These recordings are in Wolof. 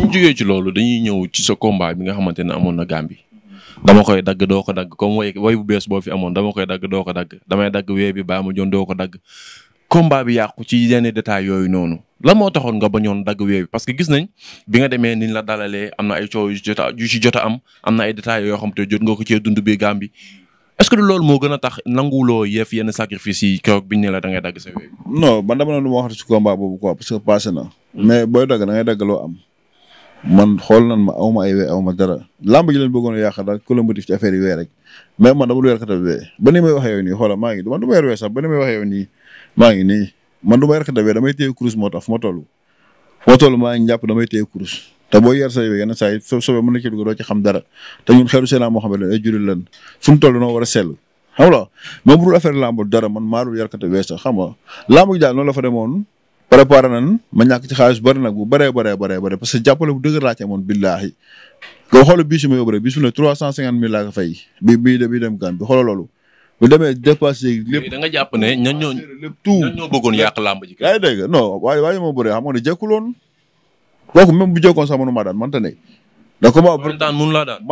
suñ ci loolu dañuy ñëw ci sa combat bi nga xamante ne amoon na Gambie dama koy dagg doo ko dagg comme way way bu bees boo fi amoon dama koy dagg doo ko dagg damay dagg bi baa ma joon ko dagg combat bi yàqu ci yenn détails yooyu noonu lan moo taxoon nga bañoon dagg wee parce que gis nañ bi nga demee niñ la dalalee am na ay coow yu jota jot am am na ay détails yoo xam te jot nga ko cee dund bi Gambie est ce que loolu moo gën a tax nanguloo yeef yenn sacrifice yi keroog bi ne la da ngay dagg sa wee bi non man dama ne lu ma wax ci combat boobu quoi parce que passé na hmm. mais booy dagg da ngay dagg loo am man xool nan ma aw ma ay wee aw dara làmb ji leen bëggoon a yàq la colomotif ci affaire yi wee rek mais man dama lu weer waxee yow nii ngi man du ma weer wee sax ni may waxee yow nii maa ngi kurus moo tax fu ma toll fu ma toll maa ngi jàpp damay téye kurus te boo yer say wee yenn saa yi so soobee mën ci dugg ci xam dara te ñun xeeru seenaa moo xam ne ay juril lan fu mu toll noo war a sell xam nga même dara man maa dul weer katab wee sax xam nga làmb ji daal noonu la fa demoon préparé nan ci xaalis bari nag bu bëree bëree bëree bëri parce que jàppale bu dëgër laa ci amoon billaahi nga xool bii su ma yóbbu trois cent cinquante mille laa ko fay bi bii bi xoolal loolu bu demee dépassé lépp da nga jàpp ne ñan ñoo lépp tout ñan ñoo bëggoon yàq làmb ji yaa ngi dégg non waaye waaye moo bëree xam nga ne jekkuloon kooku même bu jekkoon sax mënu maa daan mënta ne da ko ma daan mënu laa daan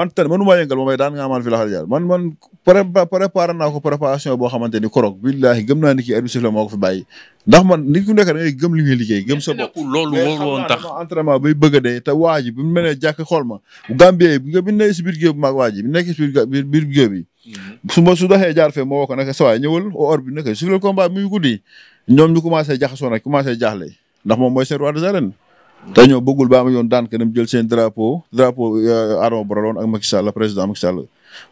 man fi la jaar man man pré préparé naa préparation boo xamante ni korog billaahi gëm naa ni kii arbitre fi bàyyi ndax man nit ku nekk da ngay gëm li ngay liggéey gëm sa bopp loolu loolu bay bëgg a dee te waa ji bi mu mënee xool ma Gambie bi nga bi nekk si biir géew bi maag waa ji bi nekk si bi mhm. ma su doxee jaar fee ma woo ko naka sawaay ñëwal au orbi naka siflel combat muy guddi ñoom ñu commencé jaxasoo nag commencé jaaxle ndax mom mooy seen roi des arènes te ñoo bëggul ba ma yoon daan ko mu jël seen drapeau drapeau euh, Adama Barrow ak Macky Sall président Macky Sall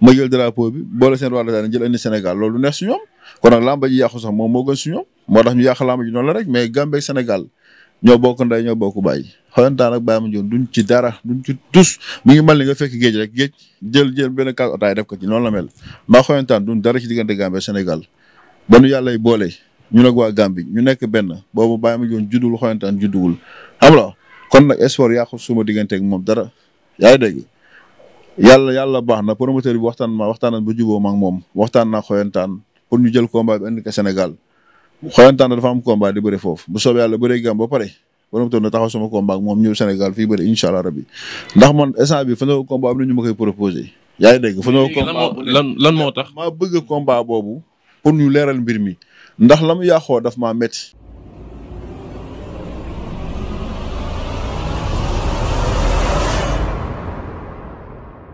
ma jël drapeau bi boole seen wàllu daan jël indi Sénégal loolu neex su ñoom kon nag làmba ji yàqu sax moom moo gën su ñoom moo tax ñu yàq làmba ji noonu la rek mais Gambie ak Sénégal ñoo bokk ndey ñoo bokk bàyyi xoyantaan ak bàyyi ma joon duñ ci dara duñ ci tus ngi mel ni nga fekk géej rek géej jël jël benn kaas otaay def ko ci noonu la mel maa xoyantaan duñ dara ci diggante Gambie Sénégal ba nu yàlla boole ñu nag waa Gambie ñu nekk benn boobu bàyyi ma joon juddul xoyantaan judduwul xam la kon nag espoir yàqu suma digganteeg moom dara yaa ngi dégg yàlla yàlla baax na promoteur bi waxtaan ma waxtaan bu jubóo ma ak moom waxtaan naa xoyantaan pour ñu jël combat bi indi ko Sénégal xoyantaan dafa am combat di bëri foofu bu soobee yàlla bëree gam ba pare promoteur na taxaw sama combat ak moom ñëw Sénégal fii bëri incha allah rabbi ndax man instant bi fa nga ko combat am na ñu ma koy proposé. dégg fa nga ko lan lan moo tax. maa bëgg combat boobu pour ñu leeral mbir mi ndax la mu yàqoo daf maa métti.